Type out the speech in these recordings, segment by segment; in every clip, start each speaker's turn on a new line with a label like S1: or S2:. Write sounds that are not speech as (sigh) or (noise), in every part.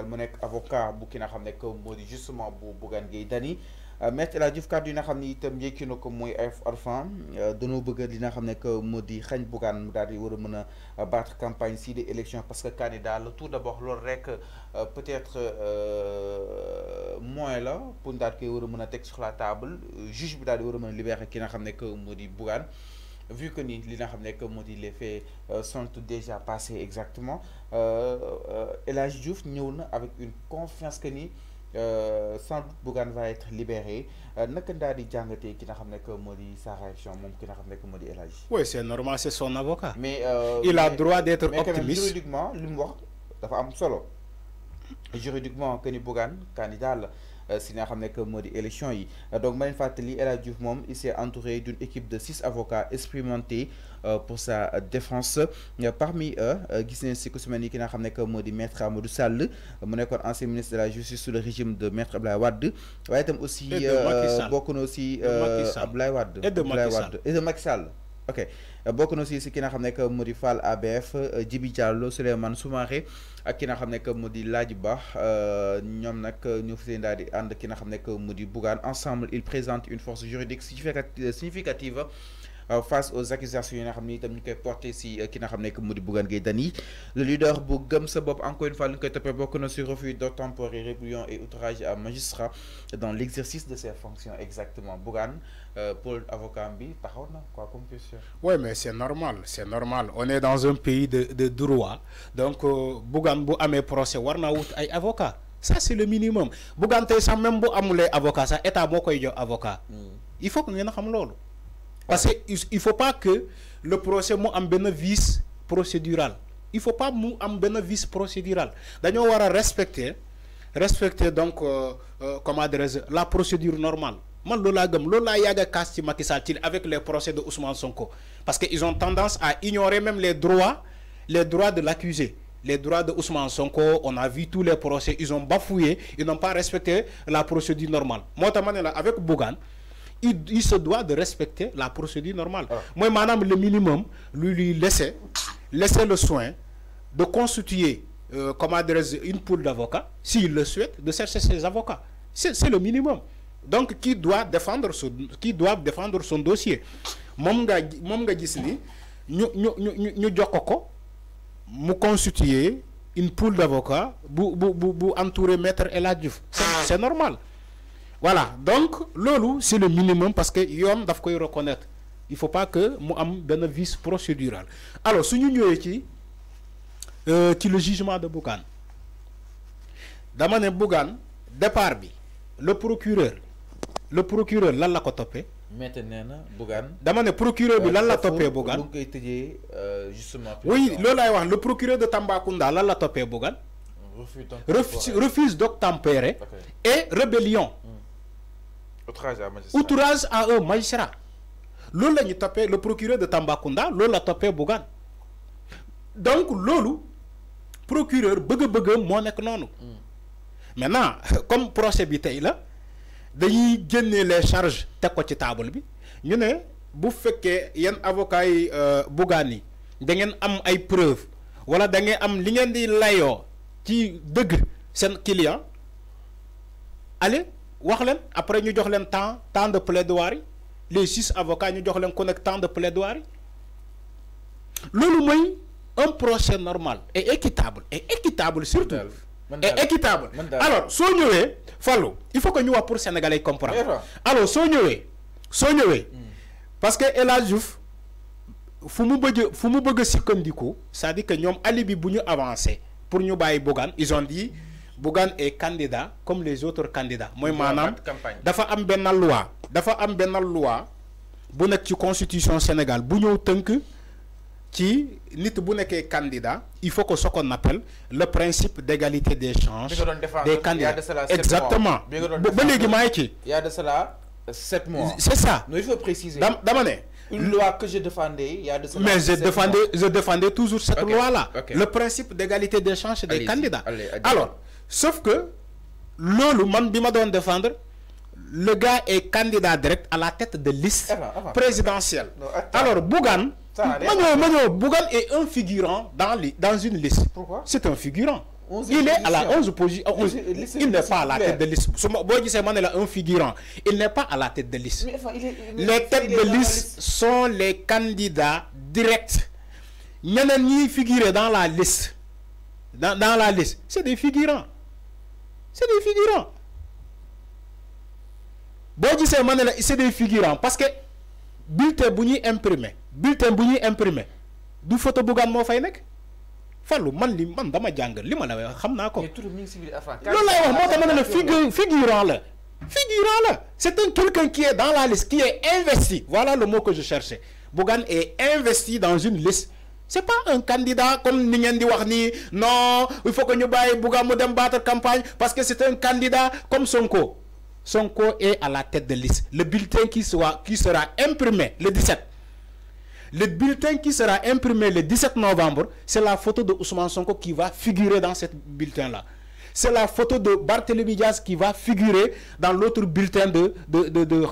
S1: nekkal mu nekk avocat bu ki nga xam ne moo di justement bu bugan gay Dany euh, Maître la Hadji Diouf kàddu yi nga xam ne itam yëkki na ko mooy ay orphan euh, dañoo bëgg li nga xam ne que moo di xañ Bougane mu daal di war a mën a euh, battre campagne si de élections parce que candidat la tout d'abord loolu rek peut-être moyen la pour daal koy war a mën a teg sur la table juge bi daal di war a mën a libérer ki nga xam ne que moo di Bougane vu que ni li nga que modi les faits euh, sont déjà passés exactement et euh, euh, la Diouf ñëw avec une confiance que ni sans Bougan Bougane va être libéré naka di jàngatee ki nga xamné que modi sa réaction moom ki nga xamné que modi Elage
S2: oui c'est normal c'est son avocat.
S1: mais il a droit d'être optimiste mais juridiquement li wax dafa am solo juridiquement que ni Bougan candidat la. Euh, si nga a que élection donc Marine Fatali elle a il s'est entouré d'une équipe de six avocats expérimentés euh, pour sa défense euh, parmi eux Gisèle nañ qui ku si ni ki nga que maître Amadou Sall mu ancien ministre de la justice sous le régime de maître Abdoulaye Wade waaye aussi beaucoup aussi et de Macky Sall ok euh, bokk na aussi si ki nga xam ne que mu di Fall ABF euh, Djibi Diallo Souleymane Soumaré ak ki nga xam ne que mu di Laaj Ba euh, ñoom nag ñu fi seen daal di ànd ki nga xam ne que mu di Bougane ensemble il présente une force juridique significative significative euh, face aux accusations qui ont xam portées porté si euh, ki Bougane le leader Bougam encore une fois lu ñu koy toppee bokk na sur refus temporaire, rébellion et outrage à magistrat dans l'exercice de ses fonctions exactement Bougane euh, Paul avocat bi taxaw na quoi comme oui mais c'est normal c'est
S2: normal on est dans un pays de de droit donc Bougane bu mes procès warna faut wut avocat ça c'est le minimum Bougane tu même bu amulee avocat ça, état moo koy jox avocat hmm. il faut que ngeen un avocat parce qu'il ne faut pas que le procès soit un bénéfice procédural il ne faut pas mu am un vice procédural D'ailleurs on va respecter respecter donc euh, euh, la procédure normale Moi ne sais pas qui avec les procès de Ousmane Sonko parce qu'ils ont tendance à ignorer même les droits les droits de l'accusé les droits de Ousmane Sonko on a vu tous les procès ils ont bafouillé, ils n'ont pas respecté la procédure normale Moi, avec Bougan il, se doit de respecter la procédure normale Moi, madame le minimum lui lui laisser laisser le soin de constituer euh, comme une poule d'avocats s'il le souhaite de chercher ses avocats c'est le minimum donc qui doit défendre son qui défendre son dossier Mon gars, dis Nous ni une poule d'avocats pour entourer maître Eladjouf. c'est normal voilà donc loup c'est le minimum parce que yoon daf reconnaître il faut pas que mu am procedural. vice procédural alors suñu nous ci euh, ci le jugement de Bougan. dama Bougan Bougane départ le procureur le procureur lan la ko
S1: maintenant Bougan. na procureur bi la topé, Bougan. Euh, oui le
S2: procureur de Tambacounda la la topé, Bougan.
S1: refuse refuse
S2: d'obtempérer et rébellion. Mm
S1: outrage
S2: à un magistrat loolu la ñu le procureur de tambakunda le la tapé Bougane donc lolo procureur bëgg-bëggam mon nekk maintenant comme procès bi tey la dañuy les charges teg ko ci table bi ñu ne bu fekkee yenn avocat yi euh, Bougane yi da ngeen am ay preuves wala da ngeen am li ngeen di layoo ci dëgg client allez wax après ñu jox leen temps temps de plaidoirie les six avocats ñu jox leen temps de plaidoirie le mooy un procès normal et équitable et équitable surtout. et équitable alors soignez, ñëwee il faut que nous apportions pour sénégalais comprendre. alors soignez, soignez. soo hmm. parce que El Hadj Diouf fu bëgg fu du coup c'est-à-dire que ñoom alibi bu ñu avancer pour nous bàyyi bogan ils ont dit. Bougane est candidat comme les autres candidats moi maanaam dafa am la loi dafa am la loi bu nekk ci constitution Sénégal bu ñëw tënk ci nit bu est candidat il faut que ce qu'on appelle le principe d'égalité des chances des candidats exactement Bon,
S1: il y a de cela sept mois c'est ça il faut préciser dama une loi que je défendais il y a de cela mais je défendais je
S2: défendais toujours cette loi là le principe d'égalité des chances des candidats alors sauf que défendre le gars est candidat direct à la tête de liste présidentielle alors Bougan, est un figurant dans une liste Pourquoi? c'est un figurant
S1: il est à la euh,
S2: il n'est pas à la tête de liste un figurant il n'est pas à la tête de liste
S1: les têtes de liste
S2: sont les candidats directs a ni figurer dans la liste dans la liste c'est des figurants c'est des figurants boo gisee c'est des figurants parce que bulletin bu imprimé imprimer bulletin bu imprimer du photo bogan mo fay Fallou man li man dama jàng li ko. wax figurant la. figurant C'est un quelqu'un qui est dans la liste, qui est investi. Voilà le mot que je cherchais. Bogan est investi dans une liste c'est pas un candidat comme ni Wahni. non il faut que nous baillons campagne parce que c'est un candidat comme Sonko Sonko est à la tête de liste le bulletin qui sera qui sera imprimé le 17 le bulletin qui sera imprimé le 17 novembre c'est la photo de Ousmane Sonko qui va figurer dans ce bulletin là c'est la photo de Barthélémy Diaz qui va figurer dans l'autre bulletin de, de, de,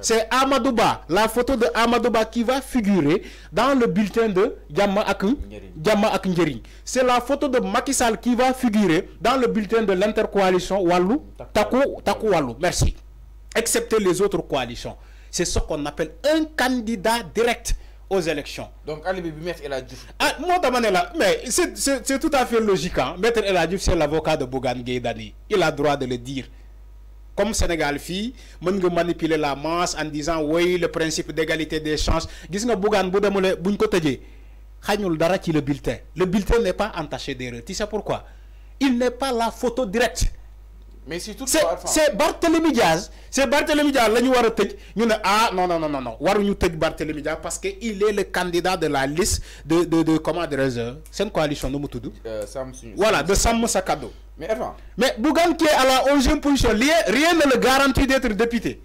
S2: C'est Amadouba, la photo de Amadouba qui va figurer dans le bulletin de Yama Akunjeri. C'est la photo de Macky qui va figurer dans le bulletin de l'intercoalition Wallou, Taku, Taku Wallou. Merci. Excepté les autres coalitions. C'est ce qu'on appelle un candidat direct aux élections.
S1: Donc, Alibi Maître El Adjouf.
S2: Ah, moi, mais c'est tout à fait logique. Hein. Maître El Adjouf, c'est l'avocat de Bogan Gaydani. Il a droit de le dire. Comme Sénégal, fille, on peut manipuler la masse en disant oui, le principe d'égalité des chances. Vous voyez, Bogan, Dara côté le bulletin. Le bulletin n'est pas entaché d'erreur. Tu sais pourquoi Il n'est pas la photo directe mais c'est tout c'est Barthélémy Diaz c'est Barthélémy Diaz la ñu war ne ah non non non non non waruñu Barthélémy Diaz parce que il est le candidat de la liste de de de comment C'est une coalition de mu tudd.
S1: Euh, voilà
S2: de Sam Sa mais avant mais Bougan qui est à la onzième position rien rien ne le garantit d'être député.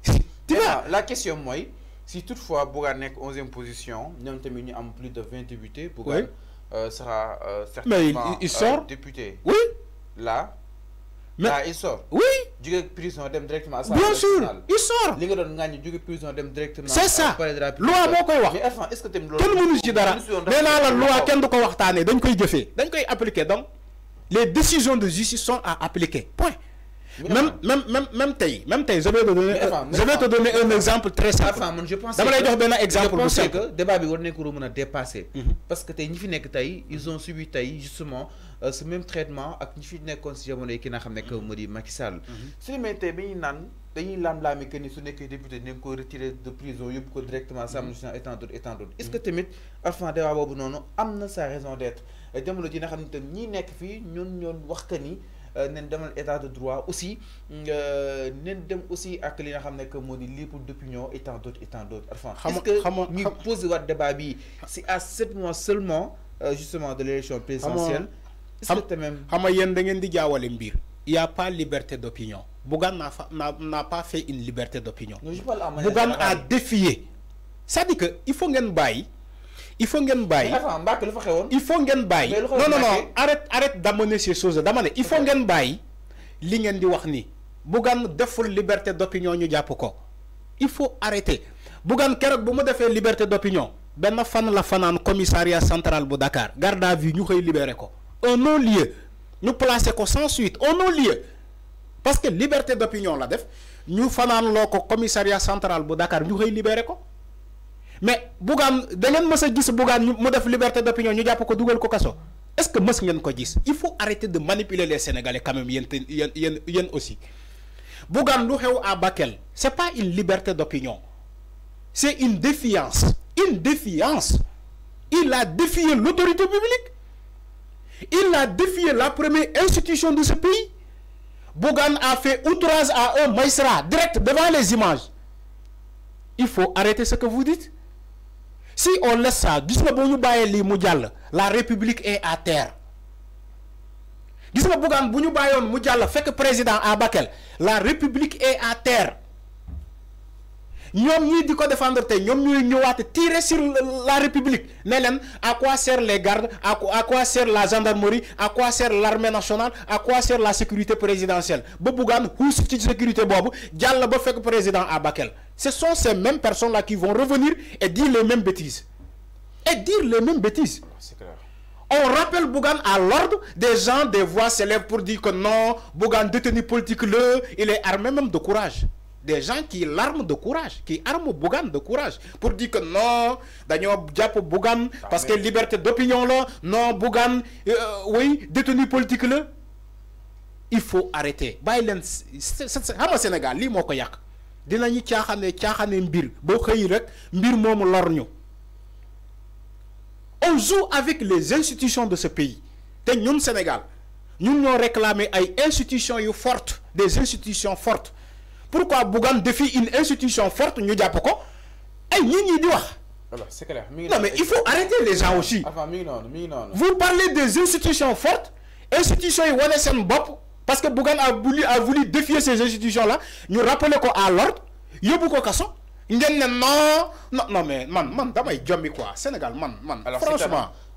S1: (laughs) tu vois la question moi, si toutefois Bougane 11e position ñoom tamit ñu am plus de vingt députés. euh, sera certainement. Euh, mais il sort euh, député. oui là mais ah il sort. oui. jóge prison dem directement. à ça. bien sûr il sort. li nga doon ŋàññi jóge prison dem directement. c'est ça loi moo koy wax. mais est-ce que tamit loolu. kenn mënu ci dara nee naa la loi
S2: quand du ko waxtaanee dañ koy jëfee dañ koy appliquer donc les décisions de justice sont à appliquer point. même même même même tey même tey je vais te donner. je vais te donner un exemple très simple. je pense dama lay jox benn exemple bu simple. je pense
S1: que débat bi war nañ ko mën dépasser. Mhm. parce que tey ñi fi nekk tey ils ont subi tey justement. Euh, ce même traitement ak ñi fi nekkoon ci jamono yi ki nga xam ne que mm-hmm. moo Macky Sall. Mm-hmm. su demee tey ñu naan dañuy lam-laame que ni su nekkee député ne ko retirer de prison yóbbu ko directement à l'administration mm-hmm. et tant d'autres et tant d'autres est ce que tamit enfin débat boobu noonu am na sa raison d' être euh, jamono ji nga xam ne tam ñi nekk fii ñun ñoon wax que ni. Euh, nen demal état de droit aussi nen dem aussi ak li nga xam ne que moo di libre d'opinion et tant d'autres et tant d'autres enfin est-ce que ñu posé waat débat bi si à sept mois seulement justement de l'élection présidentielle xam nga yéen
S2: da ngeen di jaawale mbir. il y a pas liberté d'opinion. Bougan n'a pas fait une liberté d'opinion.
S1: Bougan a
S2: défié. Ça dit que il faut une bàyyi. il faut une bàyyi. il faut une bàyyi. non non non arrête arrête d'amener ces choses d'amener il faut ngeen bàyyi li ngeen di wax ni Bougan deful liberté d'opinion ñu pas ko. il faut arrêter Bougan keroog bu mu defee liberté d'opinion ma fan la fanaan commissariat central bu Dakar garde à vue ñu xëy libéré ko. On non-lieu nous plaçons ko sans suite On non-lieu parce que liberté d'opinion la def Nous faisons commissariat central bu Dakar nous avons libéré mais si vous ngeen mës que liberté d'opinion ñu ko dit ko est-ce que vous ngeen ko dit il faut arrêter de manipuler les Sénégalais quand même aussi Bougane lu à Bakel c'est pas une liberté d'opinion c'est une défiance une défiance il a défié l'autorité publique il a défié la première institution de ce pays. Bogan a fait outrage à un maïsra direct devant les images. Il faut arrêter ce que vous dites. Si on laisse ça, la République est à terre. Bougan, fait que président à la République est à terre. Ils ont dit défendre ils ont sur la république à quoi sert les gardes à quoi sert la gendarmerie à quoi sert l'armée nationale à quoi sert la sécurité présidentielle sécurité président ce sont ces mêmes personnes là qui vont revenir et dire les mêmes bêtises et dire les mêmes bêtises on rappelle Bougan à l'ordre, des gens, des voix s'élèvent pour dire que non, Bougan détenu politique le, il est armé même de courage des gens qui l'arment de courage, qui arment Bougane de courage, pour dire que non, Daniel Diapo Bougane, ah, parce que liberté d'opinion là, non, Bougane, euh, euh, oui, détenu politique là, il faut arrêter. Bailen, c'est Sénégal, li moko yak. Dinañu tiaxane tiaxane mbir, bo xey rek mbir mom lorñu. On joue avec les institutions de ce pays. Té ñun Sénégal, ñun ñoo réclamer ay institutions yu fortes, des institutions fortes pourquoi Bougan défie une institution forte ñu diapositive
S1: non mais il faut arrêter les gens aussi.
S2: vous parlez des institutions fortes institutions et wane seen parce que Bougan a voulu a voulu défier ces institutions là nous rappelons ko à l'ordre il ko kaso. ngeen il non non non mais man man damay jommi quoi Sénégal man man. franchement.